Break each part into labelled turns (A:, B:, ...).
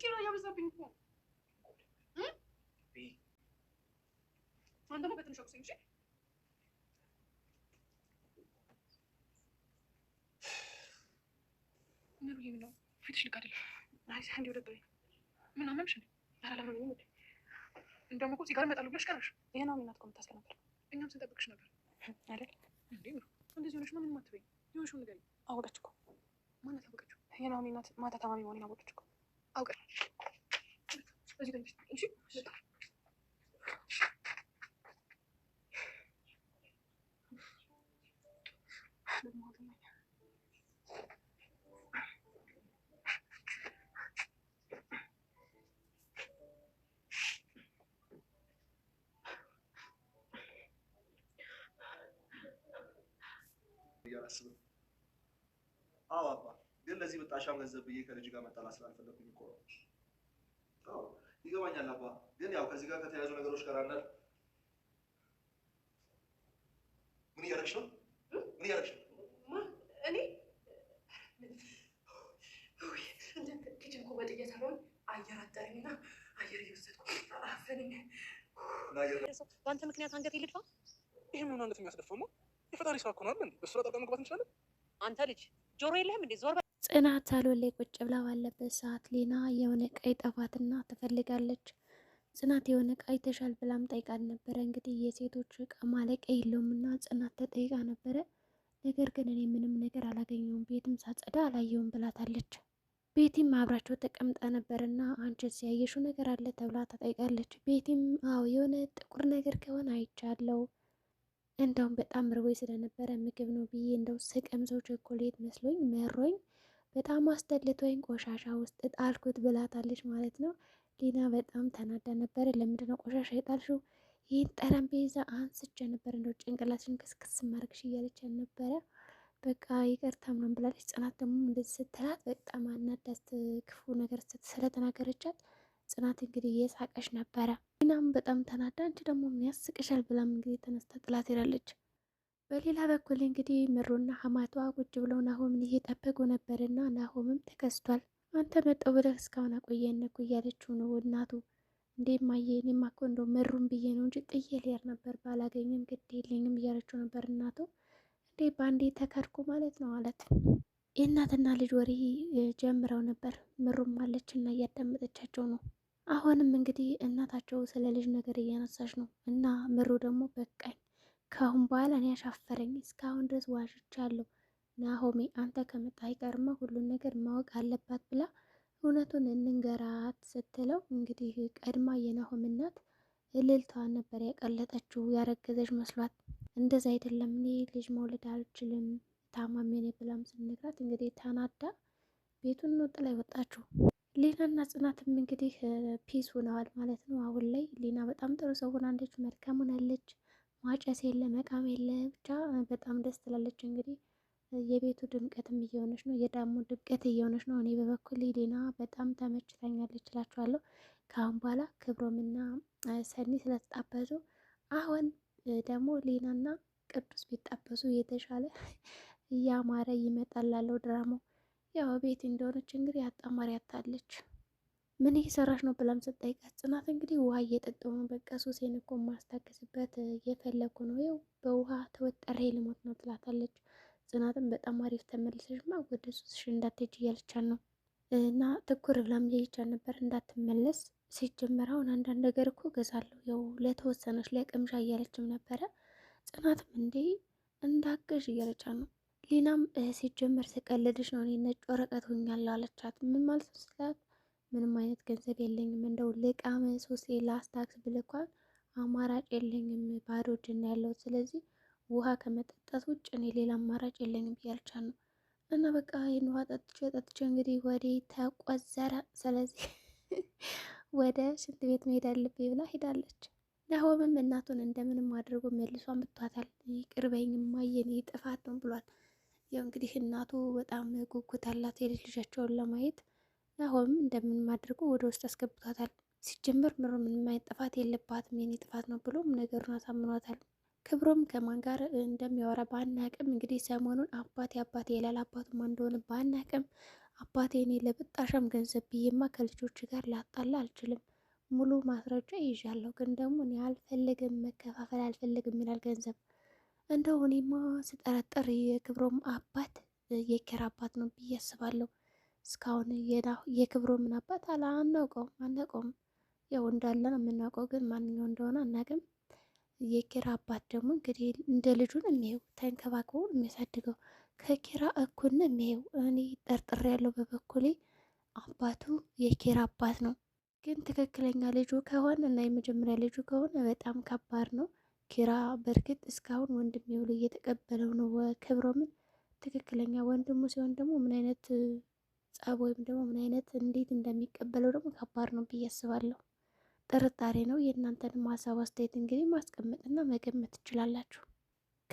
A: ኪሎ እያበዛብኝ እኮ አንተ ደግሞ በትንሽ አቁሰኝ። እሺ ምሩ ነው ፊትሽ ልክ አይደለም። አይ አንዴ ደበረኝ። ምን አመምሽ? አላለመመኝም። እንደውም እኮ ሲጋር እመጣለሁ ብለሽ ቀረሽ። ይሄ ነው እናት እኮ የምታስቀ ነበር። እኛም ስንጠብቅሽ ነበር አይደል እንዴ? እንደዚህ ሆነሽ ነው ምን ማትበይ የሆንሽው ነገር አወቀች እኮ ማናት? አወቀችው የናሆሚ እናት ማታ ታማሚ መሆኔን አወቀች እኮ አውቀ እዚህ
B: ብዬ አላስብም። አዎ አባ ግን ለዚህ ብጣሻም ገንዘብ ብዬ ከልጅ ጋር መጣላ ስላልፈለኩኝ እኮ ነው። ይገባኛል አባ ግን ያው ከዚህ ጋር ከተያያዙ ነገሮች ጋር አንዳል ምን እያደረግሽ ነው? ምን እያደረግሽ ነው?
A: እኔ በአንተ ምክንያት አንገት ልድፋ።
B: ይህ ምን እውነት የሚያስደፋ የፈጣሪ ስራ እኮ ነው አይደል? በእሱ ጣልቃ መግባት እንችላለን?
A: አንተ ልጅ ጆሮ የለህም እንዴ? ዞር ጽናት ሳሎን ላይ ቁጭ ብላ ባለበት ሰዓት ሌና የሆነ ቀይ ጠፋትና ትፈልጋለች። ጽናት የሆነ እቃ ተሻል ብላም ጠይቃል ነበረ። እንግዲህ የሴቶች እቃ ማለቂያ የለውም እና ጽናት ተጠይቃ ነበረ። ነገር ግን እኔ ምንም ነገር አላገኘውም፣ ቤትም ሳጸዳ አላየውም ብላታለች። ቤቲም አብራቸው ተቀምጣ ነበር እና አንቺስ ነገር አለ ተብላ ተጠይቃለች። ቤቲም አዎ የሆነ ጥቁር ነገር ከሆነ አይቻለው እንደውም በጣም ርቦኝ ስለነበረ ምግብ ነው ብዬ እንደው ስቀምሰው ቸኮሌት መስሎኝ መሮኝ በጣም አስጠልቶኝ ቆሻሻ ውስጥ ጣልኩት ብላታለች ማለት ነው። ሊና በጣም ተናዳ ነበረ። ለምንድነው ቆሻሻ የጣልሽው? ይህን ጠረጴዛ አንስቼ ነበር እንደው ጭንቅላችን ክስክስ ማድረግሽ እያለች ነበረ። በቃ ይቅርታ ምናምን ብላለች። ጽናት ደግሞ እንደዚህ ስትላት በጣም አናዳት ክፉ ነገር ስለተናገረቻት ጽናት እንግዲህ እየሳቀሽ ነበረ። እናም በጣም ተናዳ አንቺ ደግሞ ምን ያስቅሻል ብላም እንግዲህ ተነስታ ጥላት ሄዳለች። በሌላ በኩል እንግዲህ ምሩና ሀማቷ ቁጭ ብለው ናሆምን እየጠበቁ ነበር ነበርና ናሆምም ተከስቷል። አንተ መጠው ብለህ እስካሁን አቆየን እኮ እያለችው ነው እናቱ። እንዴ ማየ እኔማ እኮ እንደ ምሩን ብዬ ነው እንጂ ጥዬ ልሄድ ነበር ባላገኝም ግድ የለኝም እያለችው ነበር እናቱ። እንዴ በአንዴ ተከርኩ ማለት ነው አለት። የእናትና ልጅ ወሬ ጀምረው ነበር። ምሩም አለች እና እያዳመጠቻቸው ነው። አሁንም እንግዲህ እናታቸው ስለ ልጅ ነገር እያነሳች ነው እና ምሩ ደግሞ በቃኝ ከአሁን በኋላ እኔ ያሻፈረኝ እስካሁን ድረስ ዋሽቻለሁ ናሆሜ አንተ ከመጣ አይቀርማ ሁሉን ነገር ማወቅ አለባት ብላ እውነቱን እንንገራት ስትለው እንግዲህ ቀድማ የናሆም እናት እልልታዋን ነበር ያቀለጠችው ያረገዘች መስሏት እንደዛ አይደለም እኔ ልጅ መውለድ አልችልም ታማሚ ነኝ ብላም ስነግራት እንግዲህ ተናዳ ቤቱን ላይ ወጣችሁ ሊናና ጽናትም እንግዲህ ፒስ ሆነዋል ማለት ነው። አሁን ላይ ሊና በጣም ጥሩ ሰው ሆናለች፣ መልካም ሆናለች። ማጨስ የለ መቃም የለ ብቻ በጣም ደስ ትላለች። እንግዲህ የቤቱ ድምቀትም እየሆነች ነው፣ የዳሞ ድምቀት እየሆነች ነው። እኔ በበኩል ሊና በጣም ተመችታኛለች እላችኋለሁ። ከአሁን በኋላ ክብሮምና ሰኒ ስለተጣበዙ አሁን ደግሞ ሊናና ቅዱስ ቢጣበዙ የተሻለ እያማረ ይመጣላለው ድራማው ያው ቤት እንደሆነች እንግዲህ አጣማሪ አታለች። ምን ሰራሽ ነው ብላም ስትጠይቃት ጽናት እንግዲህ ውሃ እየጠጣሁ ነው፣ በቃ ሱሴን እኮ ማስታገስበት እየፈለኩ ነው፣ ያው በውሃ ተወጠረ ልሞት ነው ትላታለች። ጽናትም በጣም አሪፍ ተመልሰሽማ ወደ ሱስሽ እንዳትሄጂ እያለቻት ነው። እና ትኩር ብላም እያየቻት ነበር እንዳትመለስ ሲጀመር አሁን አንዳንድ ነገር እኮ እገዛለሁ ያው ለተወሰነች ለቅምሻ እያለችም ነበረ። ጽናትም እንዴ እንዳገዥ እያለቻት ነው ሊናም ሲጀመር ስቀልድሽ ነው እኔ ነጭ ወረቀት ሆኛለሁ አለቻት። ምን ማለት ስላት ምንም አይነት ገንዘብ የለኝም እንደው ልቃም ሶስቴ ላስታክስ ብልኳል አማራጭ የለኝም ባዶ እጅን ያለው ስለዚህ ውሃ ከመጠጣት ውጭ እኔ ሌላ አማራጭ የለኝም ብያልቻ ነው እና በቃ ይህን ውሃ ጠጥቼ ጠጥቼ እንግዲህ ወደ ተቆዘረ ስለዚህ ወደ ሽንት ቤት መሄድ አለብኝ ብላ ሄዳለች። ናሆምም እናቱን እንደምንም አድርጎ መልሷን ብቷታል። ይቅር በይኝ እማዬ እኔ ጥፋት ነው ብሏል። ያው እንግዲህ እናቱ በጣም ጉጉት አላት የልጅ ልጃቸውን ለማየት። እንደምን እንደምናደርገው ወደ ውስጥ አስገብቷታል። ሲጀመር ምሮ ምንም አይነት ጥፋት የለባትም የኔ ጥፋት ነው ብሎም ነገሩን አሳምኗታል። ክብሮም ከማን ጋር እንደሚያወራ ባናቅም እንግዲህ ሰሞኑን አባቴ አባቴ ይላል። ማን እንደሆነ ባናቅም አባቴ እኔ ለብጣሻም ገንዘብ ብዬማ ከልጆች ጋር ላጣላ አልችልም፣ ሙሉ ማስረጃ ይዣለሁ። ግን ደግሞ እኔ መከፋፈል አልፈለግም ይላል ገንዘብ እንደው እኔማ ስጠረጠር የክብሮም አባት የኪራ አባት ነው ብዬ አስባለሁ። እስካሁን የክብሮምን አባት አላናውቀውም አናውቀውም። ያው እንዳለ ነው የምናውቀው፣ ግን ማንኛው እንደሆነ አናውቅም። የኪራ አባት ደግሞ እንግዲህ እንደ ልጁን የሚሄው ተንከባክቦ የሚያሳድገው ከኪራ እኩል ነው የሚሄው። እኔ ጠርጥር ያለው በበኩሌ አባቱ የኪራ አባት ነው። ግን ትክክለኛ ልጁ ከሆነ እና የመጀመሪያ ልጁ ከሆነ በጣም ከባድ ነው። ኪራ በእርግጥ እስካሁን ወንድም ይውል እየተቀበለው ነው ክብሮምን ትክክለኛ ወንድሙ ሲሆን ደግሞ ምን አይነት ጸብ ወይም ደግሞ ምን አይነት እንዴት እንደሚቀበለው ደግሞ ከባድ ነው ብዬ አስባለሁ። ጥርጣሬ ነው። የእናንተንም ሀሳብ አስተያየት እንግዲህ ማስቀመጥና መገመት ትችላላችሁ።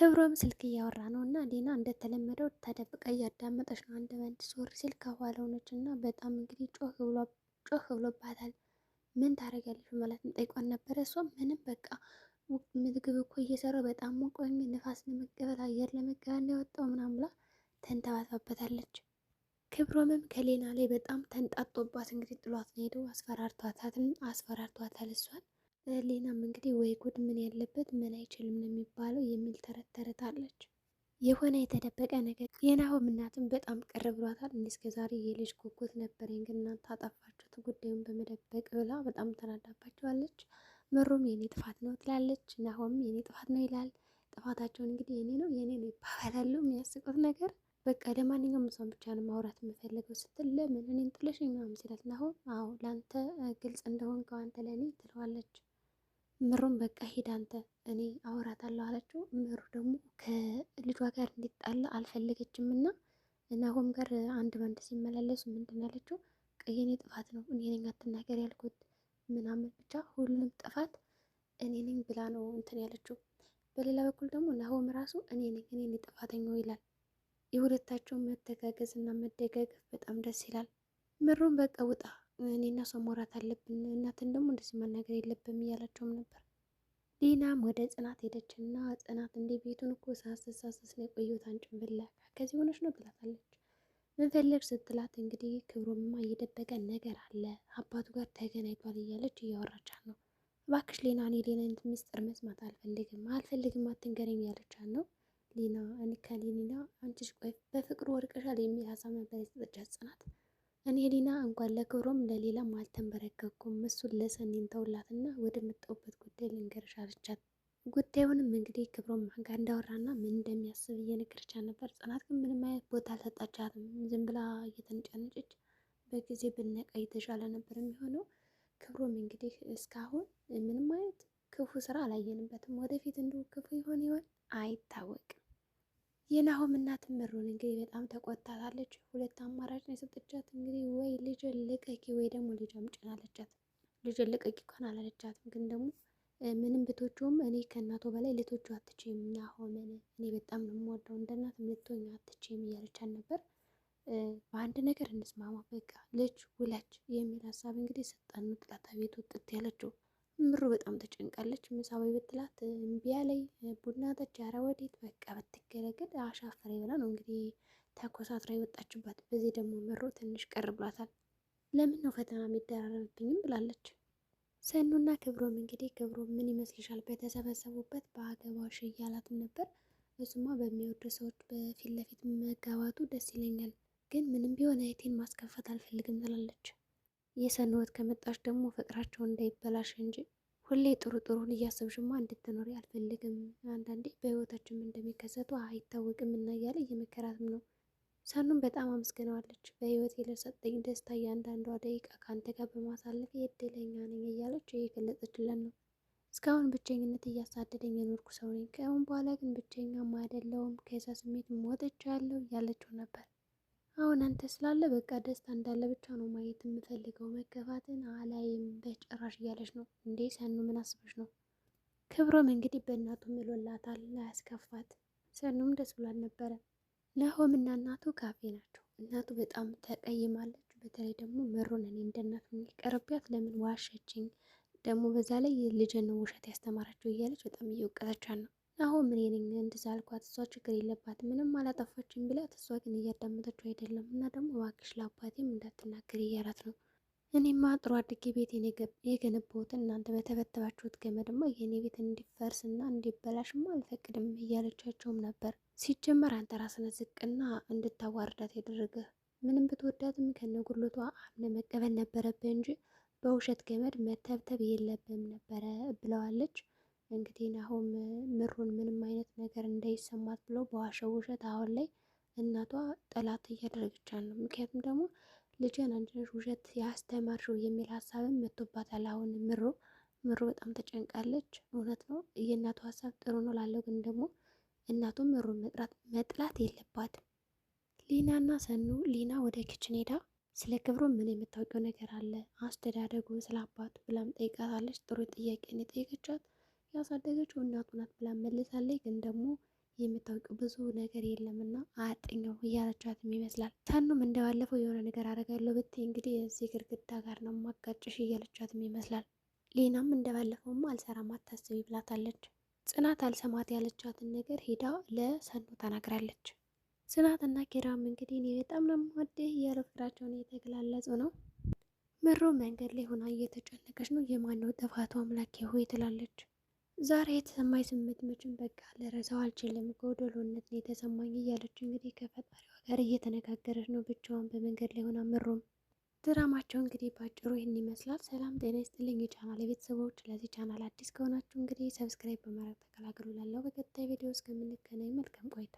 A: ክብሮም ስልክ እያወራ ነው እና ሌና እንደተለመደው ተደብቃ እያዳመጠች ነው። አንድ መንድ ሶር ሲል ከኋላ ሆነች እና በጣም እንግዲህ ጮህ ብሎባታል። ምን ታደርጊያለሽ ማለት ጠይቋን ነበረ። እሷም ምንም በቃ ምግብ እኮ እየሰራው በጣም ሞቆኝ ንፋስ ለመቀበል አየር ለመቀበል ያወጣው ምናምን ብላ ተንተባታበታለች። ክብሮምም ከሌና ላይ በጣም ተንጣጦባት እንግዲህ ጥሏት ነው ሄደው አስፈራርቷታል አስፈራርቷታል እሷን ሌናም እንግዲህ ወይ ጉድ ምን ያለበት ምን አይችልም ነው የሚባለው የሚል ተረት ተረታለች። የሆነ የተደበቀ ነገር የናሆም እናትም በጣም ቅር ብሏታል። እስከ ዛሬ የልጅ ጉጉት ነበረኝ ግን እናንተ አጠፋችሁት ጉዳዩን በመደበቅ ብላ በጣም ተናዳባቸዋለች። ምሩም የኔ ጥፋት ነው ትላለች። ናሆም የኔ ጥፋት ነው ይላል። ጥፋታቸውን እንግዲህ የኔ ነው የኔ ነው ይባባላሉ። የሚያስቁት ነገር በቃ ለማንኛውም እሷን ብቻ ነው ማውራት የምፈልገው ስትል ለምን እኔን ጥለሽ ምናምን ሲላት ናሆም አዎ ለአንተ ግልጽ እንደሆን ከአንተ ለእኔ ትለዋለች። ምሩም በቃ ሂድ አንተ እኔ አወራታለሁ አለችው። ምሩ ደግሞ ከልጇ ጋር እንዲጣላ አልፈለገችም እና ናሆም ጋር አንድ በአንድ ሲመላለሱ ምንድን አለችው የኔ ጥፋት ነው እኔ ነኝ አትናገር ያልኩት ምናምን ብቻ ሁሉም ጥፋት እኔ ነኝ ብላ ነው እንትን ያለችው። በሌላ በኩል ደግሞ ናሆም ራሱ እኔ ነኝ እኔ ነኝ ጥፋተኛው ይላል። የሁለታቸው መተጋገዝ እና መደጋገፍ በጣም ደስ ይላል። ምሩን በቃ ውጣ፣ እኔና ሰው መውራት አለብን፣ እናትን ደግሞ እንደዚህ መናገር የለብም እያላቸውም ነበር። ሌናም ወደ ጽናት ሄደች እና ጽናት እንደ ቤቱን እኮ ሳስስ ነው የቆየሁት አንቺን ብላ ከዚህ ሆነች ነው ብላታለች። መፈለግ ስትላት እንግዲህ ክብሮምማ እየደበቀ ነገር አለ አባቱ ጋር ተገናኝቷል እያለች እያወራቻ ነው። እባክሽ ሌና፣ እኔ ሌና ምስጢር መስማት አልፈልግም አልፈልግም አትንገረኝ እያለቻ ነው። ሌና እንካሌና አንቺ በፍቅሩ ወርቀሻል የሚል ሀሳብ ነበር የተጠጃ ጽናት። እኔ ሌና እንኳን ለክብሮም ለሌላም አልተንበረከኩም እሱን ለሰኔን ተውላትና ወደ መጣሁበት ጉዳይ ልንገርሽ አለቻት። ጉዳዩንም እንግዲህ ክብሮም ጋር እንዳወራና ምን እንደሚያስብ እየነገረቻት ነበር። ጽናት ግን ምንም አይነት ቦታ አልሰጣቻትም። ዝም ብላ እየተንጨነጨች በጊዜ ብነቃ የተሻለ ነበር የሚሆነው። ክብሮም እንግዲህ እስካሁን ምንም አይነት ክፉ ስራ አላየንበትም። ወደፊት እንዲሁ ክፉ ይሆን ይሆን አይታወቅም። የናሆም እናት ምሩን እንግዲህ በጣም ተቆጣታለች። ሁለት አማራጭ ነው የሰጠቻት እንግዲህ ወይ ልጅ ልቀቂ ወይ ደግሞ ልጅ አምጪን አለቻት። ልጅ ልቀቂ እንኳን አላለቻትም ግን ደግሞ ምንም ብቶቹም እኔ ከእናቶ በላይ ልቶቹ አትችም እና ሆነ እኔ በጣም የምወደው እንደ እናት ልትሆኝ አትችም እያለቻት ነበር። በአንድ ነገር እንስማማ በቃ ልጅ ውለች የሚል ሀሳብ እንግዲህ ሰጣን። ጥላት ቤት ውጥት ያለችው ምሩ በጣም ተጨንቃለች። ምሳዊ ብትላት እምቢ አለኝ ቡና ጠጭ ኧረ ወዴት በቃ ብትገለገል አሻፈሬ ብላ ነው እንግዲህ ተኮሳትራ የወጣችበት። በዚህ ደግሞ ምሩ ትንሽ ቀር ብሏታል። ለምን ነው ፈተና የሚደራረብብኝም ብላለች። ሰኑና ክብሮም እንግዲህ ክብሮም ምን ይመስልሻል በተሰበሰቡበት በአገባሽ እያላትም ነበር። እሱማ በሚወዱ ሰዎች በፊት ለፊት መጋባቱ ደስ ይለኛል፣ ግን ምንም ቢሆን እህቴን ማስከፈት አልፈልግም ትላለች። የሰኑ ከመጣሽ ከመጣች ደግሞ ፍቅራቸው እንዳይበላሽ እንጂ ሁሌ ጥሩ ጥሩን እያሰብሽማ እንድትኖሪ አልፈልግም። አንዳንዴ በህይወታችን እንደሚከሰቱ አይታወቅም እና እያለ እየመከራትም ነው ሰኑም በጣም አመስግነዋለች። በህይወት ለሰጠኝ ደስታ እያንዳንዷ ደቂቃ ከአንተ ጋር በማሳለፍ የእድለኛ ነኝ እያለች እየገለጸችለን ነው። እስካሁን ብቸኝነት እያሳደደኝ የኖርኩ ሰው ነኝ፣ ከአሁን በኋላ ግን ብቸኛም አይደለውም፣ ከዛ ስሜት ያለው እያለችው ነበር። አሁን አንተ ስላለ በቃ ደስታ እንዳለ ብቻ ነው ማየት የምፈልገው፣ መከፋትን አላይም በጭራሽ እያለች ነው። እንዴ ሰኑ ምን አስበሽ ነው? ክብሮም እንግዲህ በእናቱ ምሎላታል፣ ያስከፋት ሰኑም ደስ ብሏል ነበረ። ናሆም እና እናቱ ካፌ ናቸው። እናቱ በጣም ተቀይማለች። በተለይ ደግሞ መሮን እኔ እንደ እናት የሚቀርቢያት ለምን ዋሸችኝ ደግሞ በዛ ላይ ልጅን ውሸት ያስተማራቸው እያለች በጣም እየወቀሰቻት ነው። ናሆም እኔ ነኝ እንደዛ አልኳት፣ እሷ ችግር የለባት ምንም አላጠፋችም ብላት፣ እሷ ግን እያዳመጠችው አይደለም እና ደግሞ እባክሽ ለአባቴም እንዳትናገር እያላት ነው እኔማ ጥሩ አድጌ ቤቴን የገነባሁት እናንተ በተበተባችሁት ገመድማ የእኔ ቤት እንዲፈርስና እንዲበላሽማ አልፈቅድም እያለቻቸውም ነበር። ሲጀመር አንተ ራስን ዝቅና እንድታዋርዳት ያደረገ ምንም ብትወዳትም ከነጉሎቷ አምነ መቀበል ነበረብህ እንጂ በውሸት ገመድ መተብተብ የለብም ነበረ ብለዋለች። እንግዲህ ናሆም ምሩን ምንም አይነት ነገር እንዳይሰማት ብሎ በዋሸው ውሸት አሁን ላይ እናቷ ጠላት እያደረገቻት ነው። ምክንያቱም ደግሞ ልጅን አንቺ ውሸት ያስተማርሽው የሚል ሀሳብም መጥቶባታል። አሁን ምሮ ምሮ በጣም ተጨንቃለች። እውነት ነው የእናቱ ሀሳብ ጥሩ ነው ላለው፣ ግን ደግሞ እናቱ ምሮ መጥራት መጥላት የለባትም። ሊና እና ሰኑ ሊና ወደ ክችን ሄዳ ስለ ክብሩ ምን የምታውቀው ነገር አለ አስተዳደጉ፣ ስለ አባቱ ብላም ጠይቃታለች። ጥሩ ጥያቄ ነው የጠየቀቻት ያሳደገችው እናቱ ናት ብላም መልሳለች። ግን ደግሞ የምታውቂው ብዙ ነገር የለምና አያጠኘው እያለቻትም ይመስላል። ተኑም እንደባለፈው የሆነ ነገር አደርጋለሁ ብትይ እንግዲህ እዚህ ግድግዳ ጋር ነው ማጋጭሽ እያለቻትም ይመስላል። ሌናም እንደባለፈውም አልሰራም አታስቢ ብላታለች። ጽናት አልሰማት ያለቻትን ነገር ሄዳ ለሰኑ ተናግራለች። ጽናትና ኪራም እንግዲህ እኔ በጣም ነው የምወድህ እያለ ፍቅራቸውን እየተገላለጹ ነው። ምሮ መንገድ ላይ ሆና እየተጨነቀች ነው። የማነው ጥፋቱ አምላኬ ሆይ ትላለች። ዛሬ የተሰማኝ ስሜት መቼም በቃ ልረሳው አልችልም። ጎዶሎነት ነው የተሰማኝ እያለች እንግዲህ ከፈጣሪዋ ጋር እየተነጋገረች ነው ብቻዋን በመንገድ ላይ ሆና ምሮም ድራማቸው እንግዲህ በአጭሩ ይህን ይመስላል። ሰላም ጤና ይስጥልኝ የቻናል የቤተሰቦች፣ ለዚህ ቻናል አዲስ ከሆናችሁ እንግዲህ ሰብስክራይብ በማድረግ ተቀላቅሉ። ላለው በቀጣይ ቪዲዮ እስከምንገናኝ መልካም ቆይታ